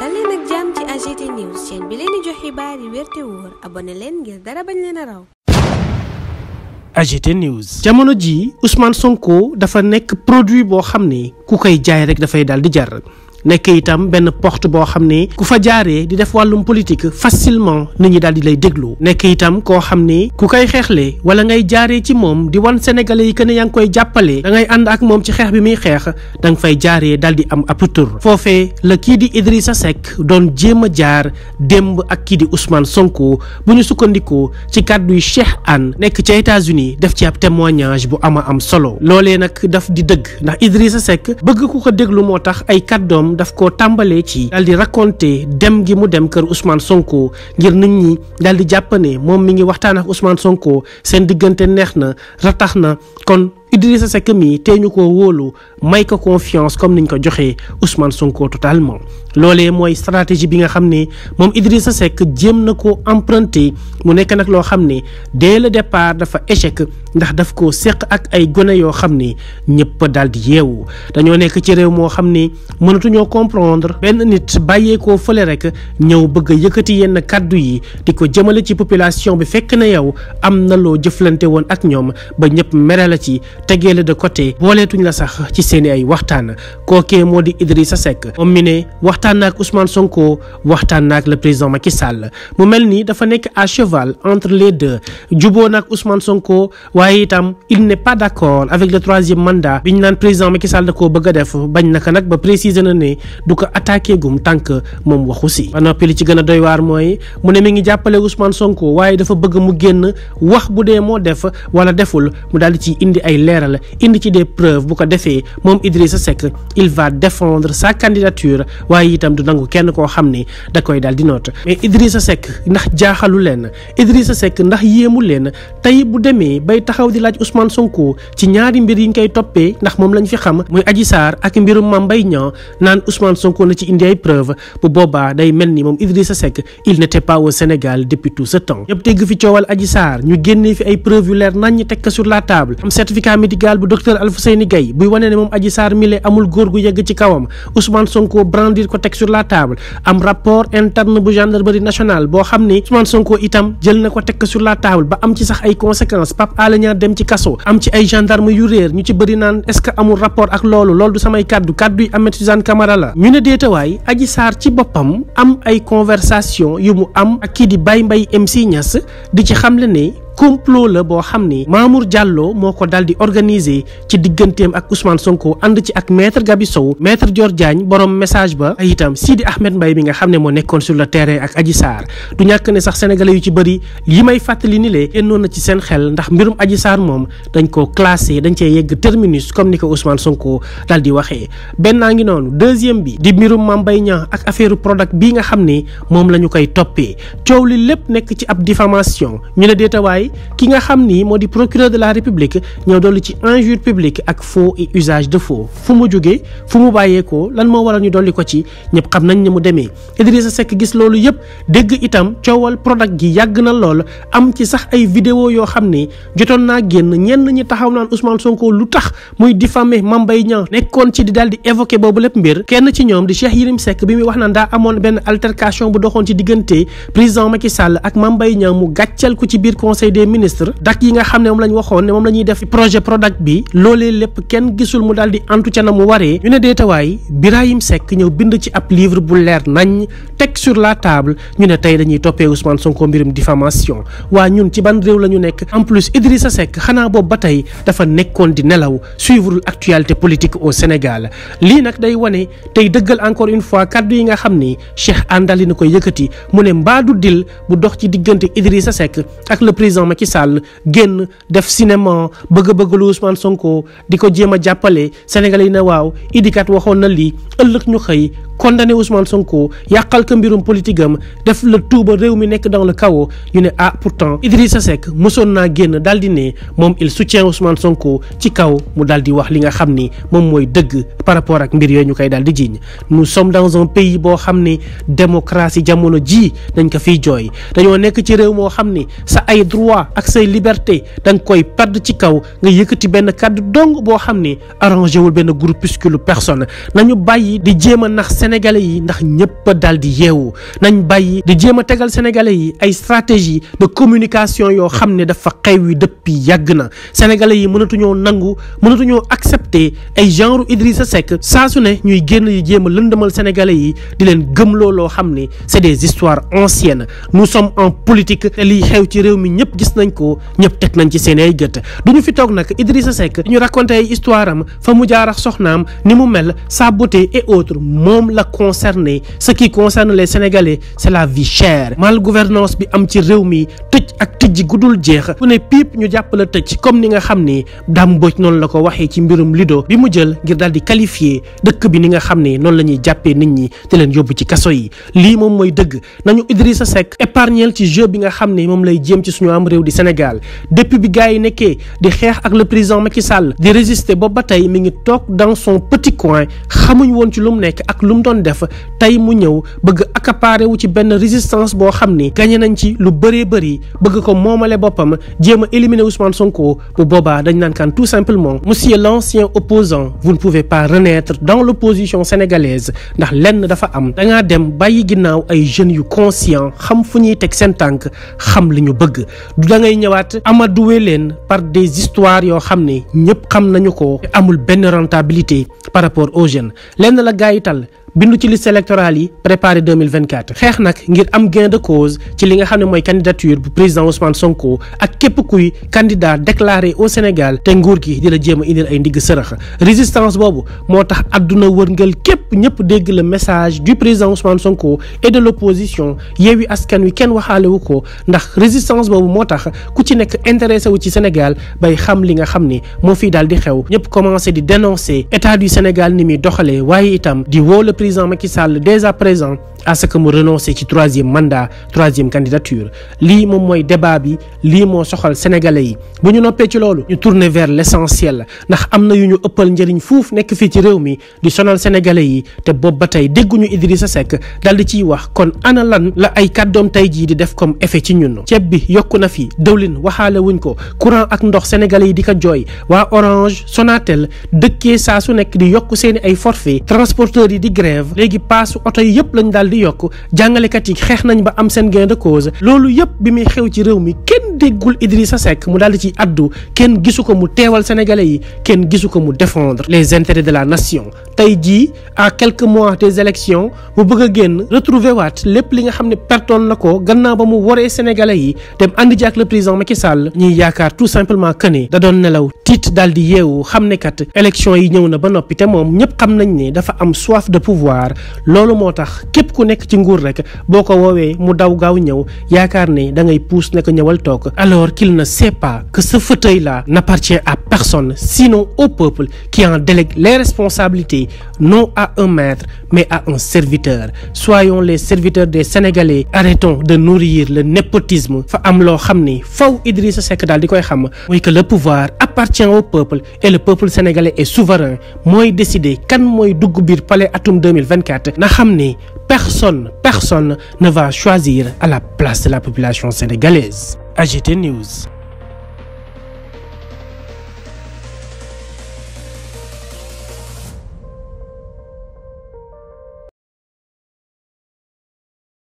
dal leen ak jàmm ci AGT news chaîne bi leen di jox xibaar yi wér wóor abonné leen ngir dara bañ leen a raw. AGT news. jamono ji Ousmane Sonko dafa nekk produit boo xam ne ku koy jaay rek dafay daal di jar. nekk itam benn porte boo xam ne ku fa jaaree di def wàllum politique facilement nit ñi daal di lay déglu nekk itam koo xam ne ku koy xeexle wala ngay jaaree ci moom di wan sénégalais yi que ne yaa ngi koy jàppale dangay ànd ak moom ci xeex bi muy xeex da nga fay jaare daal di am ab tur foofee la kii di sa Seck doon jéem a jaar démb ak kii di Ousmane Sonko bu ñu sukkandikoo ci kàddu yi Cheikh Anne nekk ca États-Unis def ci ab témoignage bu ama am solo loolee nag daf di dëgg ndax Idrissa Seck bëgg ko déglu moo tax ay kàddoom daf koo tàmbalee ci daal di raconter dem gi mu dem kër Ousmane Sonko ngir nit ñi daal di jàpp moom mi ngi waxtaan ak Ousmane Sonko seen diggante neex na ratax na kon sa Seck mii tey ñu ko wóolu may ko confiance comme niñ ko joxee Ousmane Sonko totalement loolee mooy stratégie bi nga xam ne moom Idrissa Seck jéem na ko emprunter mu nekk nag loo xam ne dès le départ dafa échec ndax daf koo seq ak ay gone yoo xam ni ñëpp daal di yeewu dañoo nekk ci réew moo xam ni mënatuñoo comprendre benn nit bàyyeekoo fële rek ñëw bëgg a yëkkati yenn kàddu yi di ko jëmale ci population bi fekk na yow am na loo jëflante woon ak ñoom ba ñëpp mere la ci tegee la de côté booleetuñ la sax ci seeni ay waxtaan kookee moo di Idrissa Seck moom mi ne waxtaan naak Ousmane Sonko waxtaan naak le président Macky Sall mu mel nii dafa nekk à cheval entre waaye itam il n'est pas d'accord avec le troisième mandat bi ñu naan président Macky Sall da koo bëgg a def bañ naka nag ba préciser na ne du ko attaqué gum tànk moom waxu si ba li ci gën a doy waar mooy mu ne mi ngi jàppale Ousmane Sonko waaye dafa bëgg mu génn wax bu dee moo def wala deful mu daal di ci indi ay leeral indi ci des preuves bu ko defee moom Idrissa Seck il va défendre sa candidature waaye itam du nangu kenn koo xam ne da koy daal di noot mais Idrissa Seck ndax jaaxalu leen Idrissa Seck ndax yéemu leen tey bu demee taxaw di laaj Ousmane Sonko ci ñaari mbir yi moom lañ fi xam muy Adji Sarr ak mbirum Mame Mbaye Niang ci indi ay boobaa day mel ni moom Idrissa Seck il n'était pas au Sénégal depuis tout ce temps ñëpp dégg fi coowal Adji Sarr ñu génnee fi ay preuve yu leer nañ ñi teg ko sur la table am certificat médical bu docteur Alfouseyni Gaye buy wane ne moom Adji Sarr mile amul góor gu yegg ci kawam Ousmane Sonko brandir ko teg sur la table am rapport interne bu bari nationale boo xam ne Ousmane Sonko itam jël na ko teg ko sur la table ba am ci sax ay conséquences Pape Alé ñaar dem ci kaso am ci ay gendarme yu réer ñu ci bëri naan est-ce que amul rapport ak loolu lool du samay kàddu kàddu yi Ahmed Suzanne Camara la ñu ne déetawaay Adji saar ci boppam am ay conversation yu mu am ak kii di Baye Mbaye MC Niass di ci xamle ne complot la boo xam ni Mamour Diallo moo ko dal di organiser ci digganteem ak Ousmane Sonko ànd ci ak maître Gabi Sow maître Dior Diagne borom message ba ay itam Sidi Ahmed Mbaye bi nga xam ne moo nekkoon sur le terrain ak Adji Sarr du ñàkk ne sax sénégalais yu ci bëri li may fàttali ni lee ennoon na ci seen xel ndax mbirum Adji Sarr moom dañ koo classé dañ cee yegg terminus comme ni ko Ousmane Sonko dal di waxee benn naa ngi noonu deuxième bi di mbirum Mame Mbaye Niang ak affaire Prodac bii nga xam ne moom la ñu koy toppee coow li lépp nekk ci ab diffamation ñu ne déetawaay tey ki nga xam ni moo di procureur de la république ñoo dolli ci injure publique ak faux usage de faux fu mu jógee fu mu bàyyeekoo lan moo waral ñu dolli ko ci ñëpp xam nañ ne mu demee Idrissa Seck gis loolu yëpp dégg itam coowal Prodac gi yàgg na lool am ci sax ay vidéo yoo xam ne jotoon naa génn ñenn ñi taxaw naan Ousmane Sonko lu tax muy diffamer Mame Mbaye Niang nekkoon ci di daal di évoquer boobu lépp mbir kenn ci ñoom di Cheikh Yérim Seck bi muy wax na daa amoon benn altercation bu doxoon ci diggante président Macky Sall ak Mame Mbaye Niang des ministres dak yi nga xam ne moom la ñu waxoon ne moom la ñuy def projet Prodac bi loolee lépp kenn gisul mu daal di antu na mu waree ñu ne deetawaay Birahim sekk ñëw bind ci ab livre bu leer nañ teg sur la table ñu ne tey dañuy toppee Ousmane Sonko mbirum diffamation waa ñun ci ban réew la ñu nekk en plus sa Seck xanaa boobu ba tey dafa nekkoon di nelaw suivre actualité politique au Sénégal lii nag day wane tey dëggal encore une fois kaddu yi nga xam ni Cheikh Andali na koy yëkkati mu ne mbaadu dil bu dox ci diggante Idrissa Seck ak ma Macky Sall génn def cinéma bëgg a bëgg lu Ousmane Sonko di ko jéem a jàppale sénégalais yi waaw Idy waxoon na lii ëllëg ñu xëy. condamné Ousmane Sonko yàqal ko mbirum politique am def la tuuba réew mi nekk dans le kaw ñu ne ah pourtant sa Seck mësoon naa génn daal di ne moom il soutient Ousmane Sonko ci kaw mu dal di wax li nga xam ni moom mooy dëgg par rapport ak mbir yooyu ñu koy daal di jiiñ nous sommes dans un pays boo xam ne démocratie jamono jii dañ ko fiy jooy dañoo nekk ci réew moo xam ni sa ay droit ak say liberté da nga koy perdre ci kaw nga yëkkati benn kàddu dong boo xam ne arrangé wul benn groupuscule personne nañu bàyyi di jéem a nax sénégalais yi ndax ñëpp dal di yeewu nañ bàyyi di jéem a tegal sénégalais yi ay stratégie de communication yoo xam ne dafa xew yi depuis yàgg na sénégalais yi mënatuñoo nangu mënatuñoo accepter ay genre Idrissa Seck saa su ne ñuy génn yi jéem a lëndëmal sénégalais yi di leen gëm loo xam ne c'est des histoires anciennes nous sommes en politique te liy xew ci réew mi ñëpp gis nañ ko ñëpp teg nañ ci seen ay gët duñu fi toog nag Idrissa Seck ñu raconté ay histoire la concerné ce qui concerne les Sénégalais c'est la vie chère mal gouvernance bi am ci réew mi tëj ak tëjji guddul jeex ku ne piip ñu jàpp la tëj comme ni nga xam ne Dame Mbodj noonu la ko waxee ci mbirum Lido bi mu jël ngir daal di qualifier dëkk bi ni nga xam ne noonu la ñuy jàppee nit ñi te leen yóbbu ci kaso yi lii moom mooy dëgg nañu Idrissa Seck épargnel ci jeu bi nga xam ne moom lay jéem ci suñu am réew di Sénégal depuis bi gars yi nekkee di xeex ak le président Macky Sall di résister boobu ba tey mi ngi toog dans son petit coin xamuñ woon ci nekk doon def tey mu ñëw bëgg accaparé wu ci benn résistance boo xam ni gagné nañ ci lu bëree bëri bëgg ko moomale boppam jéem a éliminer Ousmane Sonko bu booba dañ naan kan tout simplement monsieur l'ancien opposant vous ne pouvez pas renaître dans l'opposition sénégalaise ndax lenn dafa am da dem bàyyi ginnaaw ay jeunes yu conscient xam fu ñuy teg seen tànk xam li ñu bëgg du da ngay ñëwaat amadouwe leen par des histoires yoo xam ne ñëpp xam nañu ko amul benn rentabilité par rapport aux jeunes lenn la gaayital bindu ci liste électorale yi préparé xeex nag ngir am gain de cause ci li nga xam ne mooy candidature bu président Ousmane Sonko ak képp kuy candidat déclaré au Sénégal te nguur gi di la jéem a indil ay ndigg sërëx résistance boobu moo tax àdduna wërngal képp ñëpp dégg la message du président Ousmane Sonko et de l' opposition Askan Wi kenn waxaalewu ko ndax résistance boobu moo tax ku ci nekk intéressé wu ci Sénégal bay xam li nga xam ni moo fii daal di xew ñëpp commencé di dénoncer état du Sénégal ni muy doxalee président Macky Sall dès à que mu renoncé ci troisième mandat troisième candidature lii moom mooy débat bi lii moo soxal sénégalais yi bu ñu noppee ci loolu ñu tourner vers l'essentiel ndax am na yu ñu ëppal njëriñ fuuf nekk fii ci réew mi di sonal sénégalais yi te boobu ba tey dégguñu Idrissa Seck dal di ciy wax kon ana lan la ay kàddoom tey jii di def comme effet ci ñun ceeb bi yokk na fi dëwlin waxaale wuñ ko courant ak ndox sénégalais yi di ko jooy waa Orange Sonatel dëkkee saa su nekk di yokk seeni ay forfait transporteurs yi di grève léegi paasu yëpp lañ daal di yokk jàngalekat yi xeex loolu yëpp bi muy xew ci réew mi kenn kenn déggul Idrissa Seck mu daal di ci addu kenn gisu ko mu teewal sénégalais yi kenn gisu ko mu défendre les intérêts de la nation tey jii à quelques mois des élections mu bëgg a génn retrouver waat lépp li nga xam ne pertoon na ko gannaaw ba mu waree sénégalais yi dem àndi ji ak le ma Macky Sall ñuy yaakaar tout simplement que ne da doon nelaw tiit daal di yeewu xam ne kat élection yi ñëw na ba noppi te moom ñëpp xam nañ ne dafa am soif de pouvoir loolu moo tax képp ku nekk ci nguur rek boo ko woowee mu daw gaaw ñëw yaakaar ne da ngay puus York alors qu'il ne sait pas que ce fauteuil-là n'appartient à personne sinon au peuple qui en délègue les responsabilités non à un maître mais à un serviteur soyons les serviteurs des Sénégalais arrêtons de nourrir le népotisme fa am loo xam ni faw Idrissa Seck daal di koy xam mooy que le pouvoir appartient au peuple et le peuple sénégalais est souverain mooy décider kan mooy dugg biir palais atum 2024 na xam ni personne personne ne choisir à la place de la population sénégalaise. AGT News.